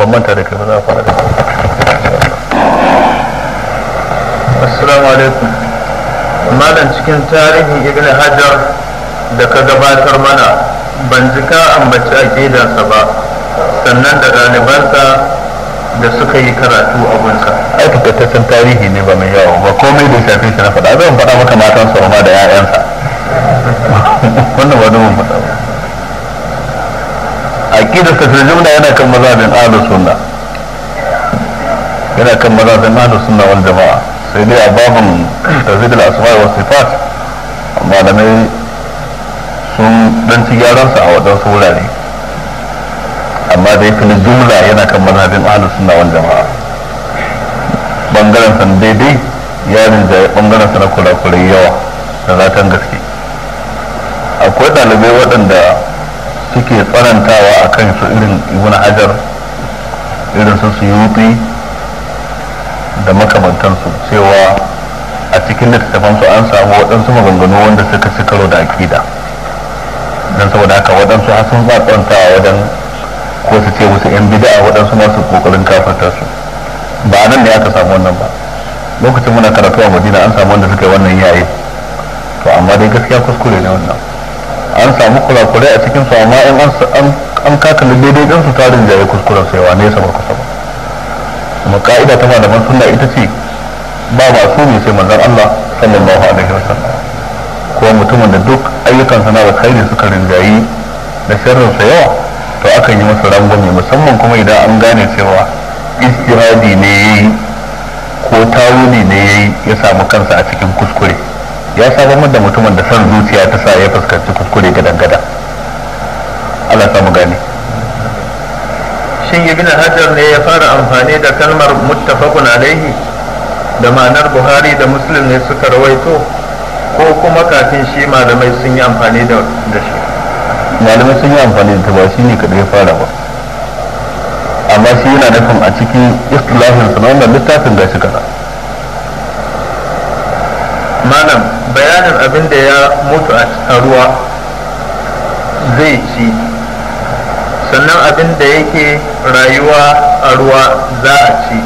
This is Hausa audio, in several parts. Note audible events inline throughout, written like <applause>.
ban manta da kai za a fara da assalamu alaikum malam cikin tarihi ibn hajar da ka gabatar mana ban ji ka ambaci gidansa ba sannan da ɗalibansa da suka yi karatu a gunsa ai takaitaccen tarihi ne ba mai yawa ba komai da shafi shi na faɗa zan faɗa maka matansa ma da 'ya'yansa <laughs> wannan ba mun faɗa ba aqidar ta fil jumla yana kan mazhabin ahlus sunna yana kan mazhabin ahlus sunna wal jama'a sai dai a babin tazid al asuwa wa sifat malamai sun dan ci gyaran sa a wajen wurare amma dai fil jumla yana kan mazhabin ahlus sunna wal jama'a bangaren san daidai ya ya bangaren sa na kula-kula yawa da zaton gaske akwai ɗalibai waɗanda suke tsanantawa a kan su irin ibn hajar irin su suyuti da makamantansu cewa a cikin littattafansu an samu waɗansu maganganu wanda suka ci karo da akida don saboda haka waɗansu har sun tsantsantawa wajen ko su ce wasu yan bida waɗansu masu kokarin kafarta su ba nan ne aka samu wannan ba lokacin muna karatu a madina an samu wanda suka yi wannan yayi to amma dai gaskiya kuskure ne wannan an samu kurakure a cikin su amma in an kakali daidai din su tarin jaye kuskuren sai wa nesa ba kusa ba kuma ka'ida ta malaman sunna ita ce ba masu ne sai manzon Allah sallallahu alaihi sallam ko mutumin da duk ayyukan sana da khairi suka rinjayi da sharrin sa yawa to akan yi masa rangwame musamman kuma idan an gane cewa istihadi ne yayi ko tawuni ne yayi ya samu kansa a cikin kuskure ya sha bamban da mutumin da son zuciya ta sa ya fuskanci kuskure gadan gada Allah ta mu gane shin ibn hajar ne ya fara amfani da kalmar muttafaqun alaihi da ma'anar buhari da muslim ne suka rawaito ko kuma kafin shi malamai sun yi amfani da shi malamai sun yi amfani da ba shi ne kada ya fara ba amma shi yana nufin a cikin istilahin sa da littafin shi kaza malam bayanin abin da ya mutu a ruwa zai ci sannan abin da yake rayuwa a ruwa za a ci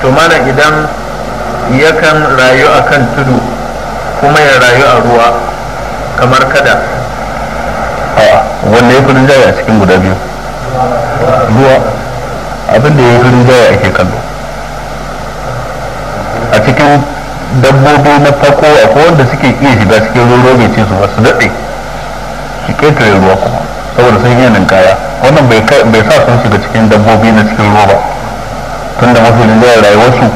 to mana idan yakan rayu a kan tudu kuma ya rayu a ruwa kamar kada wanda ya fi jaya a cikin guda biyu ruwa abin da ya kudin jaya ake kallo a cikin dabbobi na farko a wanda suke iya shiga cikin ruwa mai ce su ba su daɗe su ƙetare ruwa kuma saboda sun yi ninkaya wannan bai sa sun shiga cikin dabbobi na cikin ruwa ba tun da mafi lindayar rayuwarsu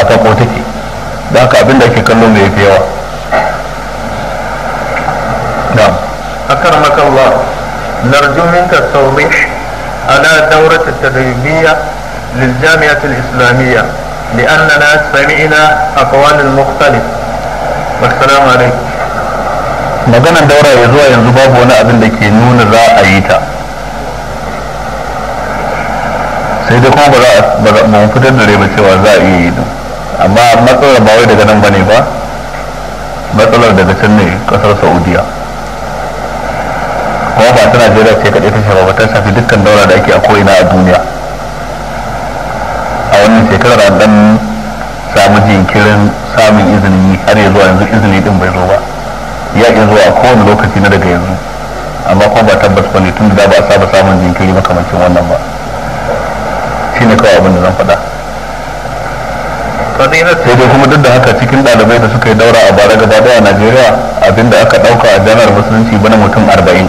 a tako take da haka abinda ake kallo mai fi yawa نعم أكرمك الله نرجو منك التوضيح على دورة التدريبية للجامعة الإسلامية لأننا سمعنا أقوال المختلف والسلام عليكم مجانا daura ya zuwa yanzu babu wani abin da ke nuna za a yi ta sai dai kuma ba za a fitar da ba cewa za a iya yi din amma matsalar ba wai daga nan bane ba matsalar daga can ne kasar saudiya kuma ba tana jera ce kaɗai ta shafa ba ta shafi dukkan daura da ake a ko'ina a duniya wannan shekarar dan samu jinkirin samun izini har ya zuwa yanzu izini din bai zo ba ya ke zuwa a kowane lokaci na daga yanzu amma kuma ba tabbas ba ne tun da ba a saba samun jinkiri makamancin wannan ba shi ne kawai abin da zan faɗa sai dai kuma duk da haka cikin ɗalibai da suka yi daura a bara gaba daya a najeriya abin da aka ɗauka a janar musulunci bana mutum arba'in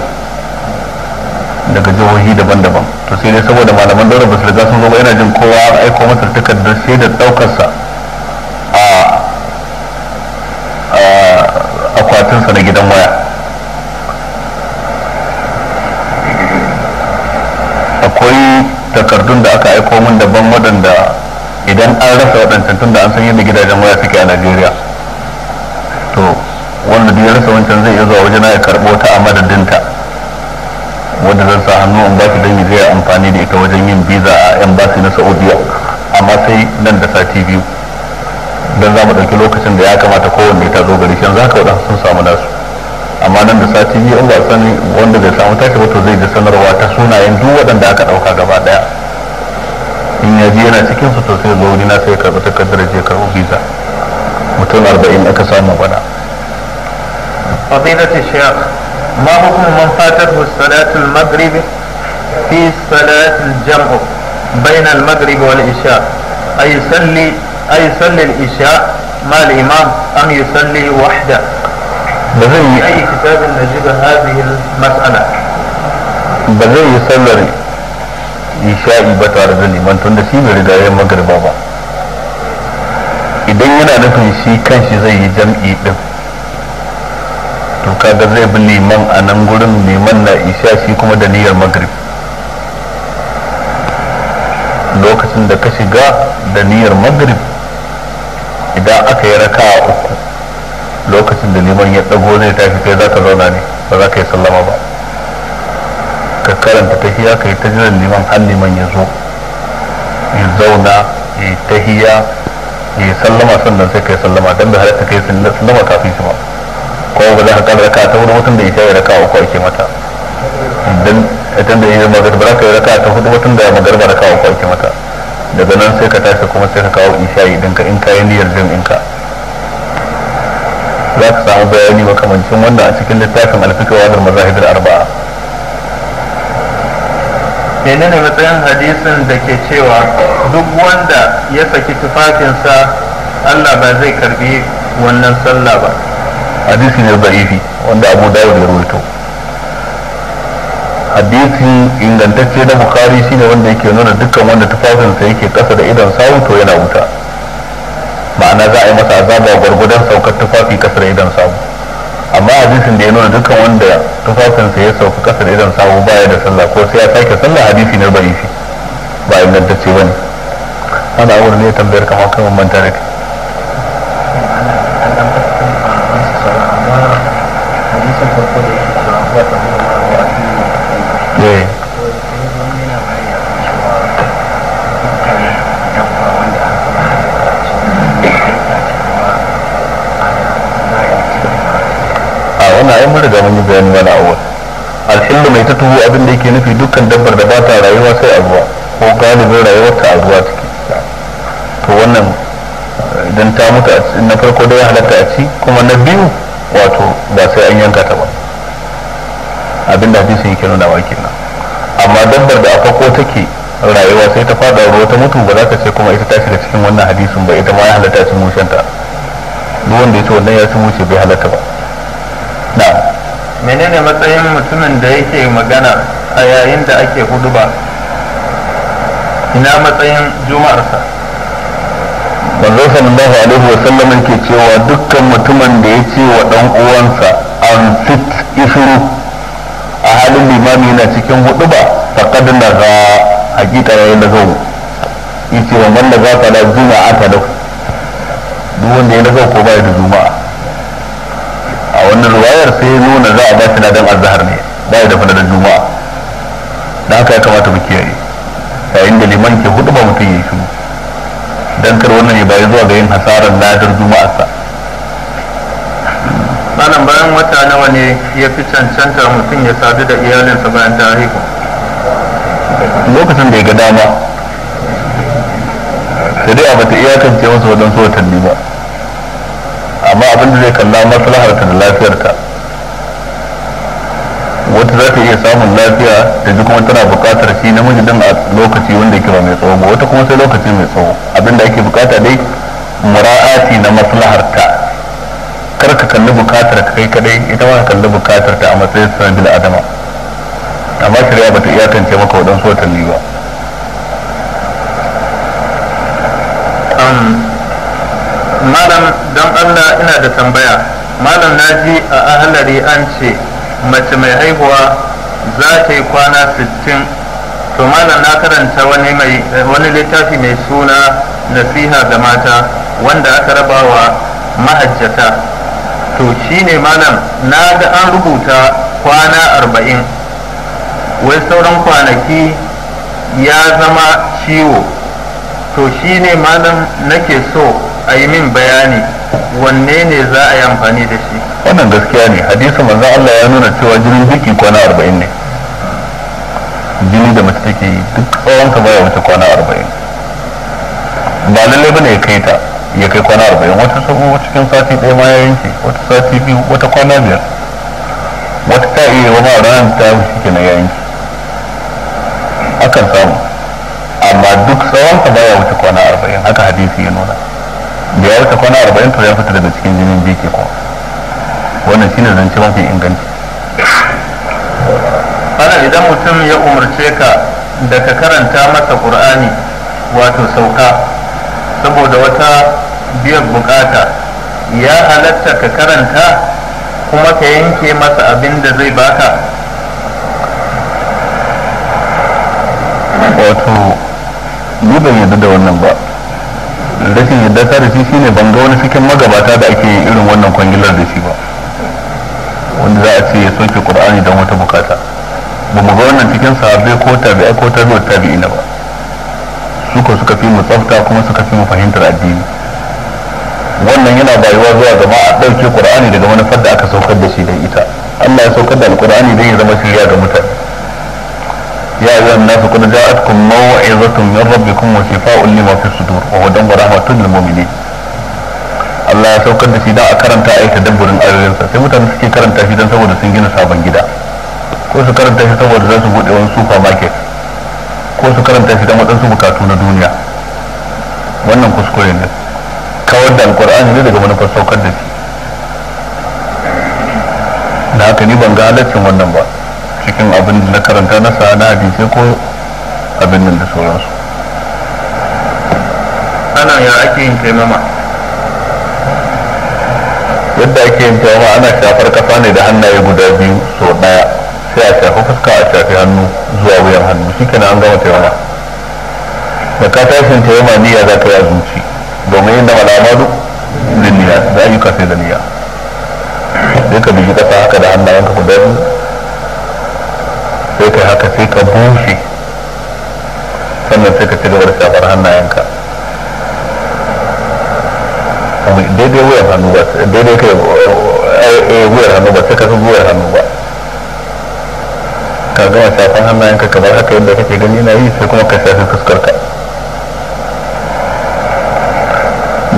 daga jihohi daban-daban to sai dai saboda malaman daular ba su riga sun zo ba yana jin kowa a aiko masa takardar da daukarsa a akwatinsa na gidan waya akwai takardun da aka aiko min daban waɗanda idan an rasa waɗancan tun da an san yadda gidajen waya suke a najeriya to wanda duk ya rasa wancan zai iya zuwa wajen ya karɓo ta a madadinta wanda zan sa hannu in ba shi don zai amfani da ita wajen yin biza a 'yan embassy na saudiya amma sai nan da sati biyu don za mu ɗauki lokacin da ya kamata kowanne ta zo gari shan za ka sun samu nasu amma nan da sati biyu in ba sani wanda bai samu tashi ba to zai ji sanarwa ta sunayen duk waɗanda aka ɗauka gaba ɗaya in ya ji yana cikin su to sai na sai karɓi takardar je karɓi biza mutum arba'in aka samu bana. fadilatul shaykh ما حكم من فاتته صلاة المغرب في صلاة الجمع بين المغرب والعشاء أيصلي أيصلي العشاء مع الإمام أم يصلي وحده؟ في أي كتاب نجد هذه المسألة؟ بغي يصلي isha'i ba tare da liman tun da shi bai riga yin magariba ba idan yana nufin shi kanshi zai yi jam'i din to kaga zai bi liman a nan gurin neman na isha shi kuma da niyyar magrib lokacin da ka shiga da niyyar magrib idan aka yi raka a uku lokacin da liman ya ɗago zai tafi kai za ka zauna ne ba za ka yi sallama ba ka karanta tahiya ka yi ta jiran liman har liman ya zo ya zauna ya yi tahiya ya yi sallama sannan sai ka yi sallama don da halatta ka yi sallama kafin shi ba ko ba za ka kada raka ta hudu mutum da isha ya raka uku ake mata dan ita da yin magarba raka ya raka ta hudu mutum da magarba raka uku ake mata daga nan sai ka tashi kuma sai ka kawo isha don ka in ka yi niyyar jin in ka za ka samu bayani makamancin wanda a cikin littafin alfikawa da mazahidar arba'a menene matsayin hadisin da ke cewa duk wanda ya saki tufafinsa Allah ba zai karbi wannan sallah ba hadisi ne da'ifi wanda abu dawud ya rubuto hadisi ingantacce na bukari shine wanda yake nuna dukkan wanda tufafinsa yake kasa da idon sawu to yana wuta ma'ana za a yi masa azaba gwargwadon saukar tufafi kasa da idon sawu amma hadisin da ya nuna dukkan wanda tufafinsa ya sauka kasa da idon sawu baya da sallah ko sai ya sake sallah hadisi ne da'ifi ba ingantacce bane ana wurin ne tambayar kamar kan manta da kai almautu abin da yake nufi dukkan dabbar da ba ta rayuwa sai a ko galibin rayuwar ta ruwa ciki to wannan idan ta mutu na farko da ya halatta a ci kuma na biyu wato ba sai an yanka ta ba abinda hadisi yake nuna wa kenan amma dabbar da aka ko take rayuwa sai ta fada ruwa ta mutu ba za ka ce kuma ita ta shiga cikin wannan hadisin ba ita ma ya halatta a ci mushen ta duk wanda ya ce wannan ya ci mushe bai halatta ba na'am menene matsayin mutumin da yake magana a yayin da ake huduba ina matsayin juma'arsa manzo sallallahu alaihi wa sallam ke cewa dukkan mutumin da ya ce wa dan uwansa an fit isuru a halin limami na cikin ba? da za a hakika yayin da zo yace wa man da za ta la juma'a ta duk wanda ya nazo ko ba da juma'a wannan ruwayar sai nuna za a ba shi ladan azhar ne ba ya da fadadan juma'a da haka ya kamata mu kiyaye yayin da liman ke hudu ba mutum ya yi shiru dan kar wannan ya bayi zuwa ga yin hasarar juma'a juma'arsa malam bayan wata nawa ne ya fi cancanta mutum ya sadu da iyalinsa bayan ta haihu lokacin da ya ga dama sai dai a bata iyakance masa wajen so watanni ba amma abin da zai kalla maslaharta da lafiyarta wata za ta iya samun lafiya da duk kuma tana buƙatar shi na din a lokaci wanda yake ba mai tsawo ba wata kuma sai lokaci mai tsawo abin da ake bukata dai mura'ati na maslaharta kar ka kalli bukatar ka kai kadai ita ma ka kalli bukatar ta a matsayin sanar bil adama amma shari'a bata iyakance maka waɗansu watanni ba um, malam don allah ina da tambaya malam naji a ahalari an ce mace mai haihuwa za ta yi kwana 60 to malam na karanta wani littafi mai suna nasiha ga mata wanda aka raba wa mahajjata to shine malam na ga an rubuta kwana 40 wai sauran kwanaki ya zama ciwo to shine malam nake so a yi min bayani wanne ne za a yi amfani da shi wannan gaskiya ne hadisin manzo Allah ya nuna cewa jinin biki kwana 40 ne jini da mace take yi duk tsawon ta baya wuce kwana 40 ba lalle bane ya kai ta ya kai kwana 40 wata sabo cikin sati ɗaya ma ya yanke wata sati biyu wata kwana biyar wata ta iya yawa ma ranar ta wuce ke na ya yanke akan samu amma duk tsawon ta baya wuce kwana 40 haka hadisi ya nuna da ya wuce kwana arba'in to ya fita daga cikin jinin ke ko wannan shine zance mafi inganci ana idan mutum ya umarce ka da ka karanta masa qur'ani wato sauka saboda wata biyar bukata ya halatta ka karanta kuma ka yanke masa abin da zai baka wato ni ban yarda da wannan ba rashin yadda ta da shi shine ban ga wani cikin magabata da ake irin wannan kwangilar da shi ba wanda za a ce ya soke Kur'ani don wata bukata ba mu ga wannan cikin sahabbai ko tabi'a ko tabi'ut tabi'ina ba Suka suka fi mu tsafta kuma suka fi mu fahimtar addini wannan yana bayuwa zuwa gaba a ɗauke qur'ani daga manufar da aka saukar da shi da ita Allah ya saukar da alqur'ani don ya zama shirya ga mutane يا أيها الناس قد جاءتكم موعظة من ربكم وشفاء لما في الصدور دم ورحمة للمؤمنين Allah ya saukar da shi da a karanta a yi tadabburin ayoyinsa sai mutane suke karanta shi don saboda sun gina sabon gida ko su karanta shi saboda za su buɗe wani supermarket ko su karanta shi da matsansu bukatu na duniya wannan kuskure ne kawar da alkur'an ne daga manufar saukar da shi da haka ni ban ga halaccin wannan ba cikin abin da na karanta na sa na hadisai ko abin nan da sauransu ana ya ake yin taimama yadda ake yin taimama ana shafar kafa ne da hannaye guda biyu so daya sai a shafi fuska a shafi hannu zuwa wuyan hannu shi kenan an gama taimama da ka tashin taimama niyya za ka yi a zuci domin yin da niyya za a yi kafe da niyya sai ka bigi kasa haka da hannayenka guda biyu sai kai haka sai ka bushe sannan sai ka ci gaba da shafar hannayenka daidai wuyar hannu ba daidai kai eh, eh, wuyar hannu ba sai ka wuyar hannu ba ka gama shafar hannayenka kamar haka yadda kake gani na yi sai kuma ka shafi fuskarka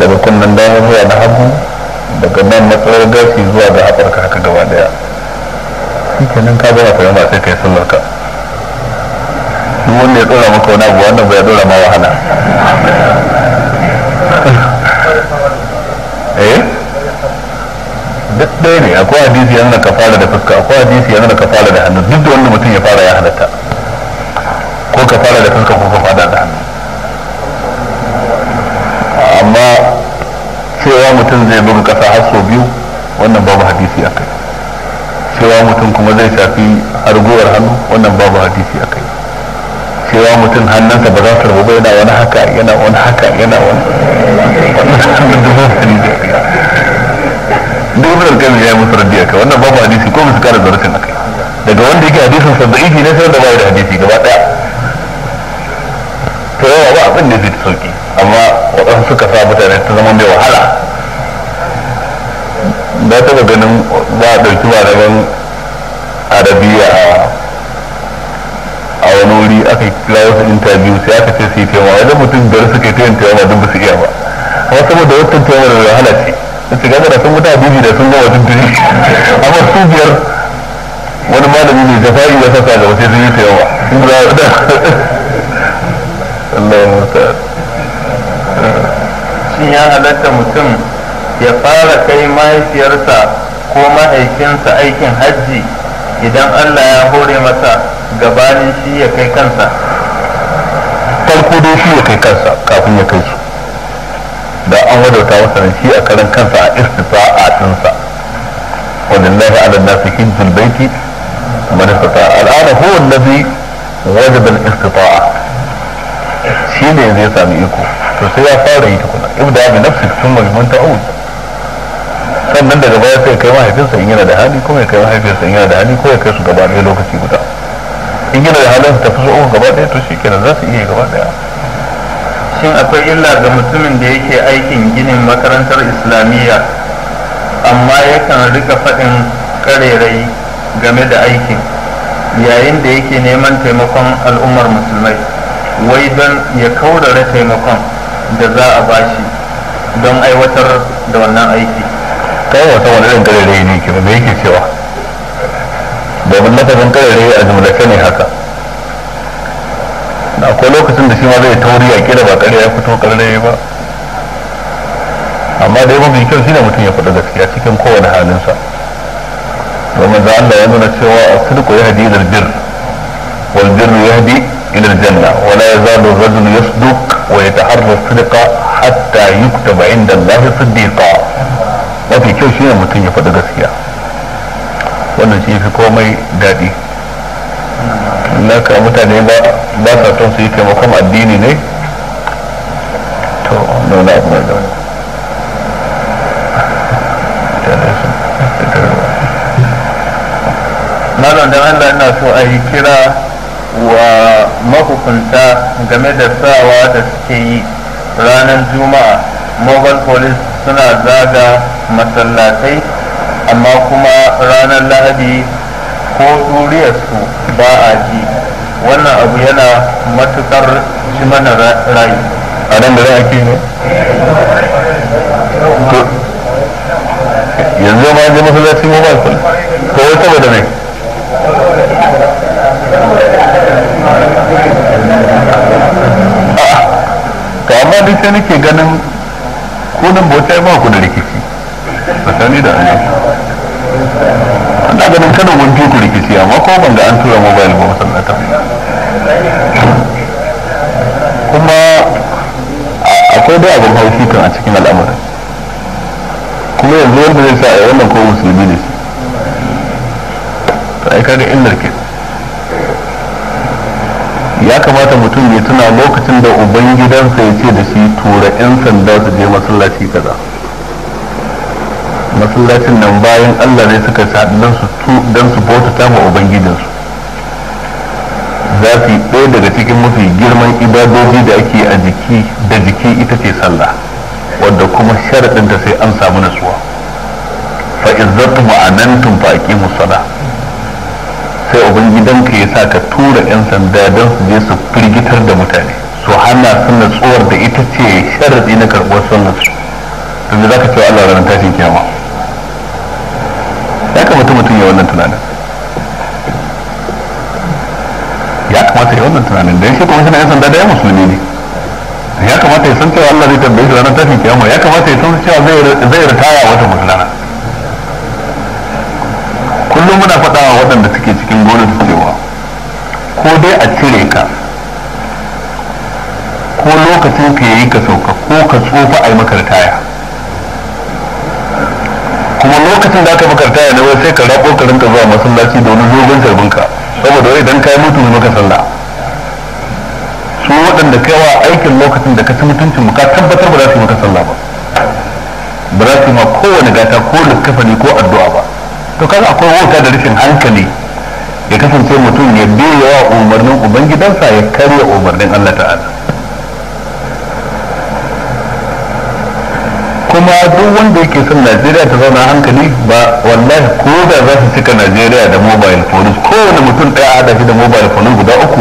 daga kunnen dama zuwa na hagu daga nan matsayar gashi zuwa ga haɓarka haka gaba daya shi kenan ka gama taimama sai kai sallar ka duk wanda ya dora maka wani abu wannan bai dora ma wahala <laughs> eh duk ɗaya ne akwai hadisi yana ka fara da fuska akwai hadisi yana ka fara da hannu duk da wanda mutum ya fara ya halatta ko ka fara da fuska ko ka fara da hannu amma cewa mutum zai buga kasa har sau biyu wannan babu hadisi a kai cewa mutum kuma zai shafi harguwar hannu wannan babu hadisi a kai cewa mutum hannunsa ba za su rabu ba yana wani haka yana wani haka yana wani duk da kan ya musu raddi a kai wannan babu hadisi ko musu kara zarafin a kai daga wanda yake hadisin sa da'ifi ne sai da bai da hadisi gaba daya to yawa ba abin da zai sauki amma waɗansu suka sa mutane ta zama mai wahala na taba ganin za a ɗauki malaman arabiya a wani wuri aka kira wasu interview sai aka ce su yi taimaka wajen mutum da suka yi tayin taimaka duk su iya ba amma saboda wata taimaka da wahala ce da su gaba da sun mutu abuji da sun gama duk duri <laughs> amma su biyar wani malami ne jafa'i ya sasa gaba sai sun yi <laughs> da Allah ya mutu. Shin ya halatta mutum ya fara kai mahaifiyarsa ko mahaifinsa aikin hajji idan Allah ya hore masa gabanin shi ya kai kansa farko dai shi ya kai kansa kafin ya kai su da an wadauta masa shi a karan kansa a istifa istifa'a tinsa walillahi ala nasi hijjul baiti man istata'a al'ada huwa allazi wajaba al-istita'a shi ne ya sami iko to sai ya fara yi tukuna ibda bi nafsi tun bi man ta'ud sannan daga baya sai kai mahaifinsa in yana da hali ko ya kai mahaifinsa in yana da hali ko ya kai su gaba ɗaya lokaci guda in yana da halin su tafi su uku gaba ɗaya to shi kenan za su iya gaba ɗaya shin akwai illa ga mutumin da yake aikin ginin makarantar islamiyya amma yakan rika faɗin ƙarerayi game da aikin yayin da yake neman taimakon al'ummar musulmai wai don ya kaurara taimakon da za a bashi don aiwatar da wannan aiki kai wata wani irin karere ne ke me yake cewa domin lafazin karere a jumlace ne haka da akwai lokacin da shi ma zai tauri a kira ba kare ya fito karere ba amma dai mafi kyau ne mutum ya faɗi gaskiya cikin kowane halinsa domin za Allah ya nuna cewa a sulku ya hadi ilal bir wal ya hadi ilal janna wala ya zalu rajulu yasduq wa yataharra sidqa hatta yuktaba inda Allah siddiqa mafi kyau shine mutum ya faɗi gaskiya wannan shi fi komai daɗi naka mutane ba sa son su yi taimakon addini ne to nuna abu mai da malam da Allah ina so a yi kira wa mahukunta game da sawa da suke yi ranar juma'a mobile police suna zaga masallatai amma kuma ranar lahadi ko su ba a ji wannan abu yana matukar shi mana rayu. a nan da za a ke ne yanzu ma ji masallaci mu ba ko wata saboda ne. Ka to amma duk sai nake ganin kudin bautai ba ku da rikici tsakani da Allah ana ganin kada mun tuku rikici amma ko ban ga an tura mobile ba masallata kuma akwai da abin haushi kan a cikin al'amarin kuma yanzu wanda zai sa a yi wannan ko musulmi ne aika kaga inda ke ya kamata mutum ya tuna lokacin da ubangidansa ya ce da shi tura 'yan sanda su je masallaci kaza masallacin nan bayan allah ne suka saɗu don su bautata ma ubangijinsu za su yi ɗaya daga cikin mafi girman ibadoji da ake a jiki da jiki ita ce sallah wadda kuma sharaɗinta sai an samu nasuwa fa izzatu ma'anantum fa aqimu sada sai ubangidanka ya sa ka tura yan sanda don su je su firgitar da mutane su hana su natsuwar da ita ce sharaɗi na karɓar sallar su yanzu za ka cewa Allah ranar tashin kiyama kamata mutum ya wannan tunanin ya kamata ya wannan tunanin da shi na yan sanda da ya musulmi ne ya kamata ya san cewa Allah zai tambaye shi ranar tafi kiyama ya kamata ya san cewa zai ritaya wata musulana kullum muna faɗa wa waɗanda suke cikin gonar cewa ko dai a cire ka ko lokacin ka yayi ka sauka ko ka tsufa a yi maka ritaya kuma lokacin da aka makarta ya nawa sai ka rabo ka rinka zuwa masallaci da wani dogon sarbin ka saboda wai idan kai mutu maka sallah su waɗanda kai wa aikin lokacin da ka ci mutuncin ka tabbatar ba za su maka sallah ba ba za su ma kowane gata ko littafani ko addu'a ba to kaga akwai wuta da rashin hankali ya kasance mutum ya biya wa umarnin ubangidansa ya karya umarnin Allah ta'ala kuma duk wanda yake son najeriya ta zauna hankali ba wallahi ko da za su cika najeriya da mobile ko kowane mutum ɗaya a haɗa shi da mobile phone guda uku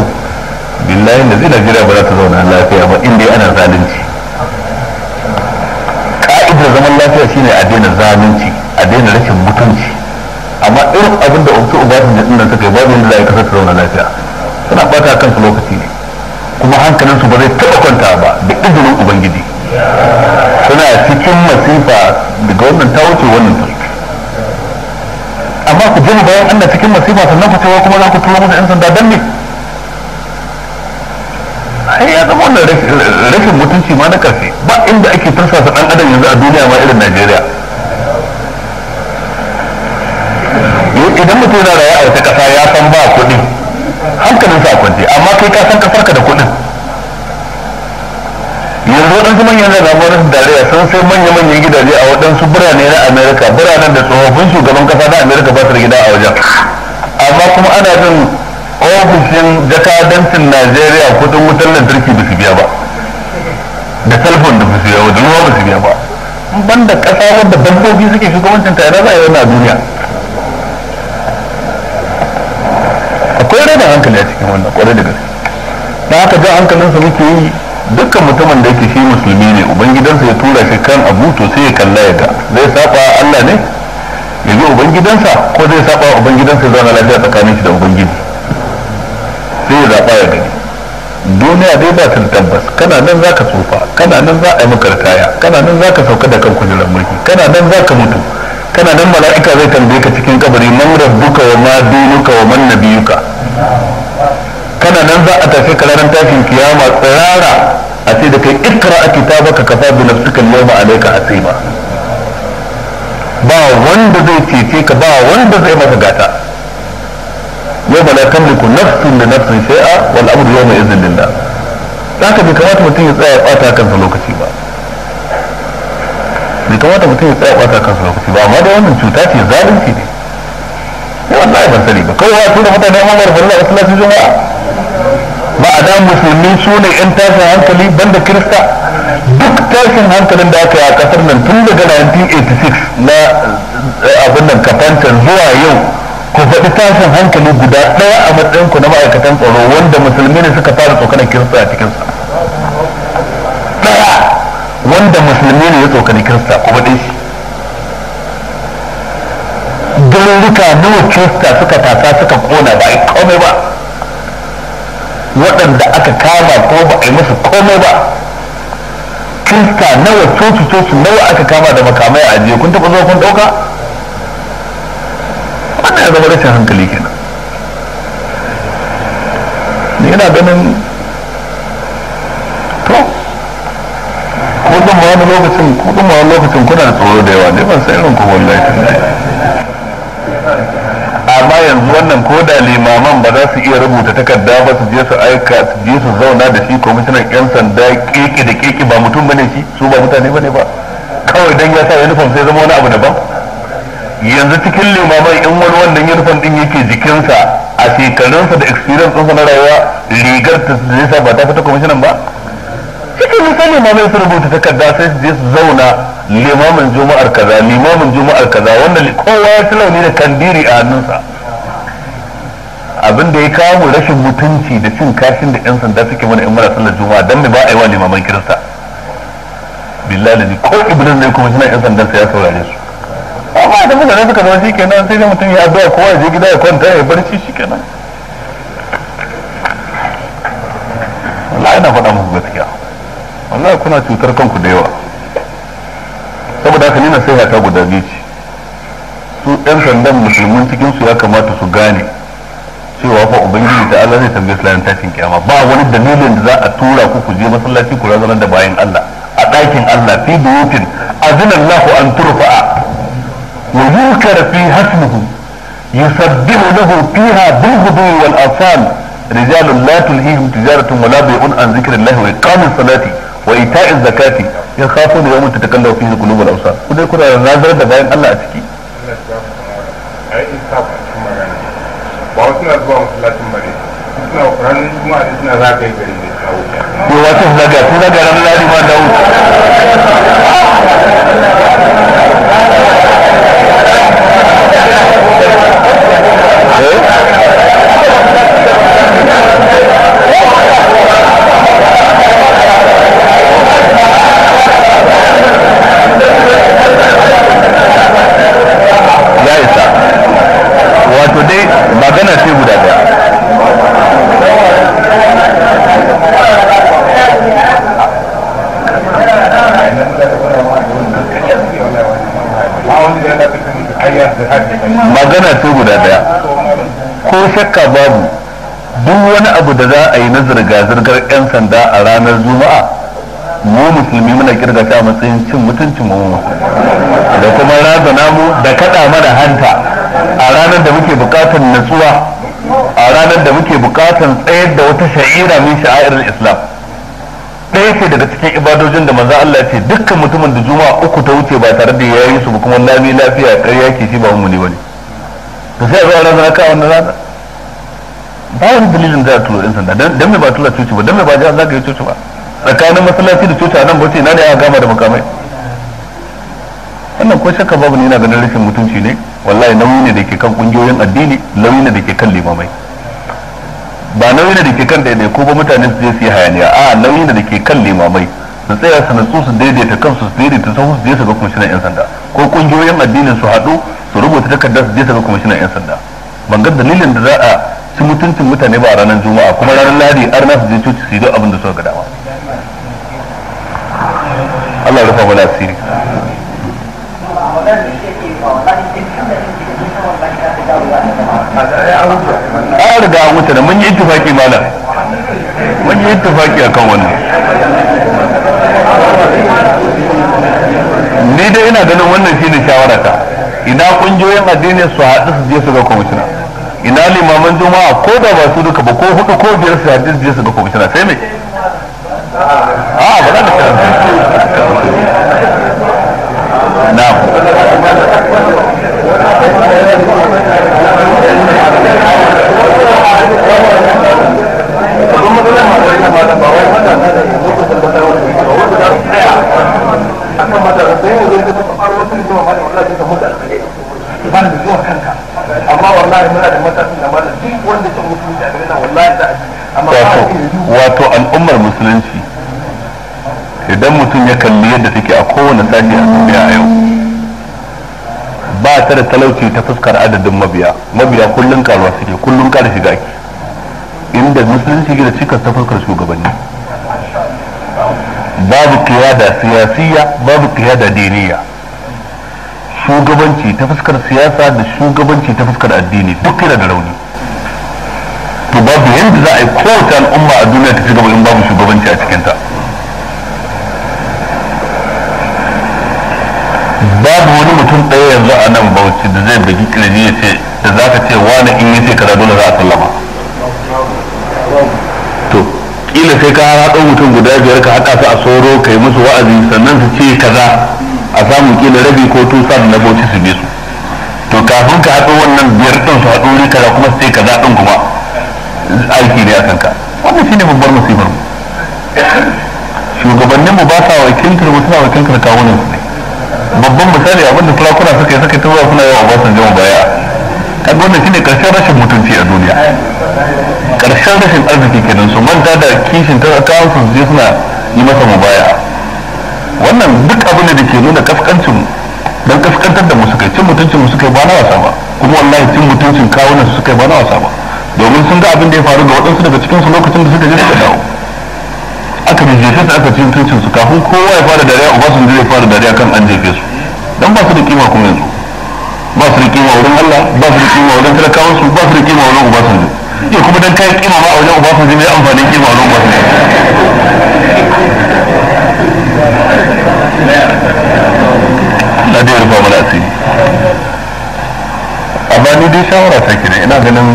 billahi da zai najeriya ba za ta zauna lafiya ba inda ana zalunci ka'idar zaman lafiya shine a daina zalunci a daina rashin mutunci amma irin abin da umtu ubatan da dinnan suka yi babu yadda za a yi kasar ta zauna lafiya suna bata kansu lokaci ne kuma hankalinsu ba zai taɓa kwanta ba da izinin ubangiji suna cikin masifa daga wannan ta wuce wannan ta amma ku mu bayan ana cikin masifa sannan ku cewa kuma za ku tura musu 'yan sanda don ne ai ya zama wannan rashin mutunci ma na karfe ba inda ake tursasa ɗan adam yanzu a duniya ma irin Najeriya idan mutum yana da a wata kasa ya san ba kuɗi hankalinsa a kwance amma kai ka san kasarka da kuɗin yanzu waɗansu manyan da zamanin tarayya sun sai manya-manyan gidaje a waɗansu birane na amerika biranen da tsofaffin shugaban kasa na amerika ba su gida a wajen amma kuma ana jin ofishin jakadancin najeriya kudin wutar lantarki ba su biya ba da telefon da ba su biya ba da ruwa ba su biya ba ban da ƙasa wadda dabbobi suke shugabancin tare za a yi a duniya akwai rana hankali a cikin wannan kwarai da gaske da haka jan hankalinsa muke yi dukkan mutumin da yake shi musulmi ne ubangidansa ya tura shi kan abu to sai ya kalla ya ga zai saba Allah ne ya zo ubangidansa ko zai saba ubangidansa zai zauna lafiya tsakanin shi da ubangiji sai ya zaba ya gani duniya dai ba ta tabbas kana nan za ka tsufa kana nan za a yi maka ritaya kana nan za ka sauka da kan kujerar mulki kana nan za ka mutu kana nan mala'ika zai tambaye ka cikin kabari man rabbuka wa ma dinuka wa man nabiyuka kana nan za a tafi ka tashin kiyama tsirara a ce da kai ikra a kitabaka kafa bi nafsika al-yawma alayka hasiba ba wanda zai cece ka ba wanda zai maka gata yau la tamliku nafsun da nafsin shay'a wal amru yawma idhin lillah zaka bai kamata mutum ya tsaya bata kansa lokaci ba bai kamata mutum ya tsaya bata kansa lokaci ba amma da wannan cuta ce zalunci ne wallahi ban sani ba kawai wa tura mutane amma da Allah wasu lafi juma'a ba a da musulmi su ne yan tashin hankali banda kirista duk tashin hankalin da aka yi a kasar nan tun daga 1986 na eh, abin nan kafancan zuwa yau ku faɗi tashin hankali guda ɗaya a matsayin ku na ma'aikatan tsaro wanda musulmi ne suka fara tsokanar kirista a cikinsa ɗaya wanda musulmi ne ya tsokani kirista ku faɗi shi rika nawa kirista suka tasa suka kona ba a komai ba waɗanda aka kama ko ba a yi musu komai ba kirista nawa coci coci nawa aka kama da makamai a ajiye kun taɓa zuwa kun ɗauka wannan ya zama rashin hankali kenan ni ina ganin to ko ɗin ma wani lokacin ko ɗin ma wani lokacin kuna da tsoro da yawa ne ban san irin ku wallahi tun amma yanzu wannan ko da limaman ba za su iya rubuta takarda ba su je su aika su je su zauna da shi kwamishinan yan sanda keke da keke ba mutum bane shi su ba mutane bane ba kawai dan ya sa uniform sai zama wani abu daban yanzu cikin limaman in wani wannan uniform din yake jikinsa a shekarunsa da experience ɗinsa na rayuwa rigar ta zai sa ba ta fita kwamishinan ba cikin nisan limaman su rubuta takarda sai su je su zauna limamin juma'ar kaza limamin juma'ar kaza wanda kowa ya ci launi da kandiri a hannunsa abin da ya kawo rashin mutunci da cin kashin da yan sanda suke mana in muna sallar juma'a dan me ba a yi wa limaman kirista billahi ko ibrahim ne kuma suna yan sanda sai ya saurare su amma da ne suka zama shikenan sai da mutum ya addu'a kowa ya je gida ya kwanta ya barci shikenan wallahi na faɗa muku gaskiya wallahi kuna cutar kanku da yawa saboda haka ni na sai ta guda biyu ce su yan sandan musulmin cikin su ya kamata su gane cewa fa ubangiji ta Allah zai tambaye su ranar tashin kiyama ba wani dalilin da za a tura ku ku je masallaci ku razanar da bayan Allah a ɗakin Allah fi buyutin azinallahu an turfa'a wa yuzkar fi hasmuhu yusabbihu lahu fiha bil ghudwi wal asal rijalun la tulhihim tijaratun wala bai'un an zikrillahi wa iqamis salati wa ita'iz zakati yakhafuna yawman tatakallafu fihi qulubul absar ku dai kuna razanar da bayan Allah a ciki suna zuwa masallacin bare suna ranar juma'a da suna zagaye gari da kawo ko wata hulaga tun daga ran ladi ma da wuce eh abu da za a yi na zirga-zirgar 'yan sanda a ranar juma'a mu musulmi muna kirga ta matsayin cin mutuncin mu da kuma razana mu da kada mana hanta a ranar da muke bukatar natsuwa a ranar da muke bukatar tsayar da wata sha'ira min sha'airar islam ɗaya ce daga cikin ibadojin da manzo Allah ce dukkan mutumin da juma'a uku ta wuce ba tare da yayi su ba kuma lami lafiya ƙarya ke shi ba mu ne bane to sai a zo a razana ka wannan ranar ba wani dalilin za a tura ɗin sanda don mai ba tura coci ba don mai ba ji an zagaye coci ba tsakanin masallaci da coci a nan bauchi ina ne a gama da makamai wannan ko shakka babu ne yana ganin rashin mutunci ne wallahi nauyi ne da ke kan kungiyoyin addini nauyi ne da ke kan limamai ba nauyi ne da ke kan daidai ko ba mutane su je su yi hayaniya a nauyi ne da ke kan limamai su tsaya su natsu su daidaita kansu su daidaita sahu su je su ga kwamishinan yan sanda ko kungiyoyin addinin su haɗu su rubuta takardar su je su ga kwamishinan yan sanda ban ga dalilin da za a su mutuncin mutane ba ranar juma'a kuma ranar ladi har na su je coci su yi abin da suka ga dama Allah rufa mana asiri a riga an wuce da mun yi tufaki mana mun yi a akan wannan ni dai ina ganin wannan shi ne shawarata idan kungiyoyin addini su haɗu su je su ga kwamishina ina limaman juma'a ko da ba su duka ba ko hudu ko biyar su hadis biyar su ga kwamishina sai me a ah, ba za ka karanta amma wallahi muna da duk wanda ta mutu da gare na wallahi za a ji amma wato al'ummar musulunci idan mutum ya kalli yadda take a kowane sashi a duniya a yau ba ta da talauci ta fuskar adadin mabiya mabiya kullum karuwa suke kullum kara shiga ake inda musulunci gida cikas ta fuskar shugabanni babu kiyada siyasiya babu kiyada diniya shugabanci ta fuskar siyasa da shugabanci ta fuskar addini duk yana da rauni to babu yadda za a yi kowace al'umma a duniya ta ci gaba in babu shugabanci a cikinta babu wani mutum ɗaya yanzu a nan bauchi da zai bugi kirji ya ce da za ka ce wani in yi sai kaza dole za a sallama to kila sai ka haɗo mutum guda biyar ka haɗa su a soro ka yi musu wa'azi sannan su ce kaza a samu kila rabi ko tusa na bauchi su bi su to kafin ka haɗo wannan biyar ɗin su haɗo ne kaza kuma sai kaza ɗin kuma aiki ne a kanka wannan shine babbar musibar mu shugabannin mu ba sa wakiltar mu suna wakiltar kawunan su ne babban misali abin da sarakuna suka yi suka tura suna yawa ba san jama baya kan wannan shine karshen rashin mutunci a duniya karshen rashin arziki kenan su manta da kishin talakawa su je suna yi masa mu baya. wannan duk abin da ke nuna kaskancin dan kaskantar da mu kai cin mutuncin musu kai ba na wasa ba kuma wallahi cin mutuncin kawunan su kai ba na wasa ba domin sun ga abin da ya faru ga waɗansu daga cikin su lokacin da suka je suka dawo aka bi jefe aka cin mutuncin su kafin kowa ya fara dariya uba sun ya fara dariya kan an jefe su dan ba su da kima kuma yanzu ba su da kima wurin Allah ba su da kima wurin talakawansu ba su da kima wurin uba sun ya kuma dan kayan kima ba a wajen uba sun zai amfanin kima a wajen uba na dai rufa mana asiri amma ni dai shawara ta kenan ina ganin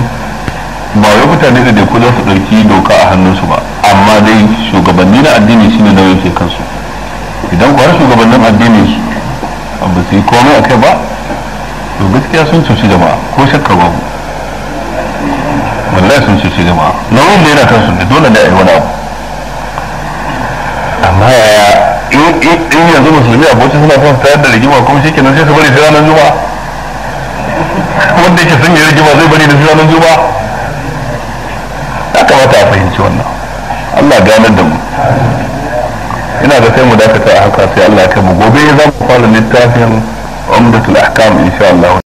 ba wai mutane da ku za su ɗauki doka a hannunsu ba amma dai shugabanni na addini shine nauyin ke kansu idan kuwa shugabannin addini ba su yi komai a kai ba to gaskiya sun cuci jama'a ko shakka babu sun ce shi jama'a nauyin da yana kan su ne dole ne a yi wani abu amma yaya in yanzu musulmi bocin suna son tayar da rigima kuma shi kenan sai su bari sai ranar juma'a wanda yake sun yi rigima zai bari da sai ranar juma'a ya kamata a fahimci wannan Allah ganar da mu ina da sai mu dakata a haka sai Allah ya kai mu gobe za mu fara littafin umdatul ahkam insha Allah